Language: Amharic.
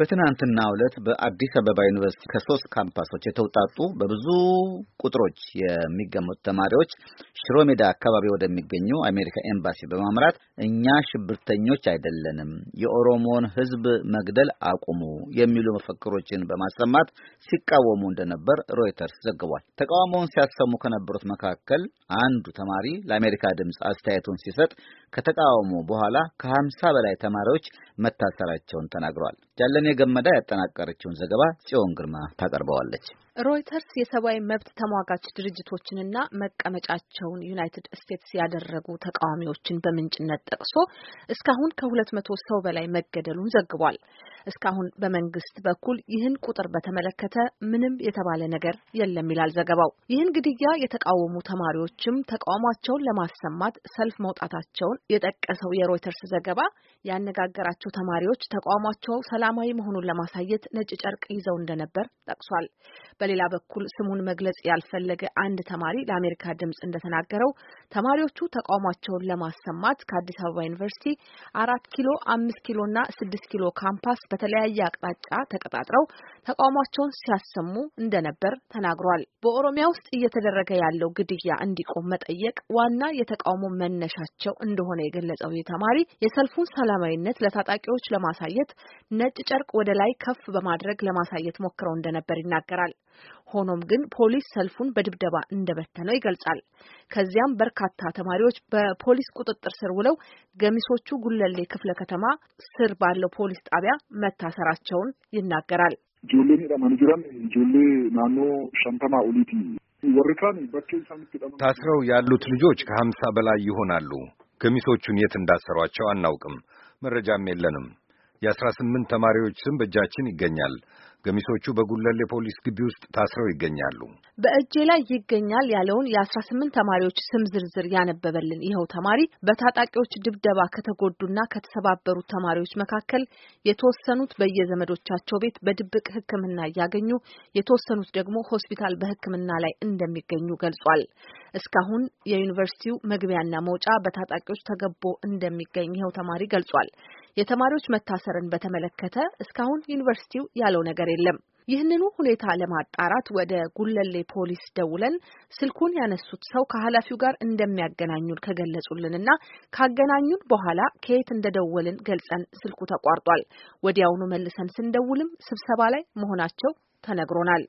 በትናንትናው ዕለት በአዲስ አበባ ዩኒቨርሲቲ ከሶስት ካምፓሶች የተውጣጡ በብዙ ቁጥሮች የሚገመቱ ተማሪዎች ሽሮ ሜዳ አካባቢ ወደሚገኙ አሜሪካ ኤምባሲ በማምራት እኛ ሽብርተኞች አይደለንም፣ የኦሮሞን ሕዝብ መግደል አቁሙ የሚሉ መፈክሮችን በማሰማት ሲቃወሙ እንደነበር ሮይተርስ ዘግቧል። ተቃውሞውን ሲያሰሙ ከነበሩት መካከል አንዱ ተማሪ ለአሜሪካ ድምፅ አስተያየቱን ሲሰጥ ከተቃውሞ በኋላ ከሀምሳ በላይ ተማሪዎች መታሰራቸውን ተናግረዋል። ያለኔ ገመዳ ያጠናቀረችውን ዘገባ ጽዮን ግርማ ታቀርበዋለች። ሮይተርስ የሰብአዊ መብት ተሟጋች ድርጅቶችንና መቀመጫቸውን ዩናይትድ ስቴትስ ያደረጉ ተቃዋሚዎችን በምንጭነት ጠቅሶ እስካሁን ከሁለት መቶ ሰው በላይ መገደሉን ዘግቧል። እስካሁን በመንግስት በኩል ይህን ቁጥር በተመለከተ ምንም የተባለ ነገር የለም ይላል ዘገባው። ይህን ግድያ የተቃወሙ ተማሪዎችም ተቃውሟቸውን ለማሰማት ሰልፍ መውጣታቸውን የጠቀሰው የሮይተርስ ዘገባ ያነጋገራቸው ተማሪዎች ተቃውሟቸው ሰላም ሰላማዊ መሆኑን ለማሳየት ነጭ ጨርቅ ይዘው እንደነበር ጠቅሷል። በሌላ በኩል ስሙን መግለጽ ያልፈለገ አንድ ተማሪ ለአሜሪካ ድምጽ እንደተናገረው ተማሪዎቹ ተቃውሟቸውን ለማሰማት ከአዲስ አበባ ዩኒቨርሲቲ አራት ኪሎ፣ አምስት ኪሎ እና ስድስት ኪሎ ካምፓስ በተለያየ አቅጣጫ ተቀጣጥረው ተቃውሟቸውን ሲያሰሙ እንደነበር ተናግሯል። በኦሮሚያ ውስጥ እየተደረገ ያለው ግድያ እንዲቆም መጠየቅ ዋና የተቃውሞ መነሻቸው እንደሆነ የገለጸው ይህ ተማሪ የሰልፉን ሰላማዊነት ለታጣቂዎች ለማሳየት ነጭ ነጭ ጨርቅ ወደ ላይ ከፍ በማድረግ ለማሳየት ሞክረው እንደነበር ይናገራል። ሆኖም ግን ፖሊስ ሰልፉን በድብደባ እንደበተነው ይገልጻል። ከዚያም በርካታ ተማሪዎች በፖሊስ ቁጥጥር ስር ውለው ገሚሶቹ ጉለሌ ክፍለ ከተማ ስር ባለው ፖሊስ ጣቢያ መታሰራቸውን ይናገራል። ታስረው ያሉት ልጆች ከሀምሳ በላይ ይሆናሉ። ገሚሶቹን የት እንዳሰሯቸው አናውቅም፣ መረጃም የለንም። የአስራ ስምንት ተማሪዎች ስም በእጃችን ይገኛል። ገሚሶቹ በጉለሌ ፖሊስ ግቢ ውስጥ ታስረው ይገኛሉ። በእጄ ላይ ይገኛል ያለውን የአስራ ስምንት ተማሪዎች ስም ዝርዝር ያነበበልን ይኸው ተማሪ በታጣቂዎች ድብደባ ከተጎዱና ከተሰባበሩት ተማሪዎች መካከል የተወሰኑት በየዘመዶቻቸው ቤት በድብቅ ሕክምና እያገኙ የተወሰኑት ደግሞ ሆስፒታል በሕክምና ላይ እንደሚገኙ ገልጿል። እስካሁን የዩኒቨርሲቲው መግቢያና መውጫ በታጣቂዎች ተገቦ እንደሚገኝ ይኸው ተማሪ ገልጿል። የተማሪዎች መታሰርን በተመለከተ እስካሁን ዩኒቨርሲቲው ያለው ነገር የለም። ይህንኑ ሁኔታ ለማጣራት ወደ ጉለሌ ፖሊስ ደውለን ስልኩን ያነሱት ሰው ከኃላፊው ጋር እንደሚያገናኙን ከገለጹልንና ካገናኙን በኋላ ከየት እንደደወልን ገልጸን ስልኩ ተቋርጧል። ወዲያውኑ መልሰን ስንደውልም ስብሰባ ላይ መሆናቸው ተነግሮናል።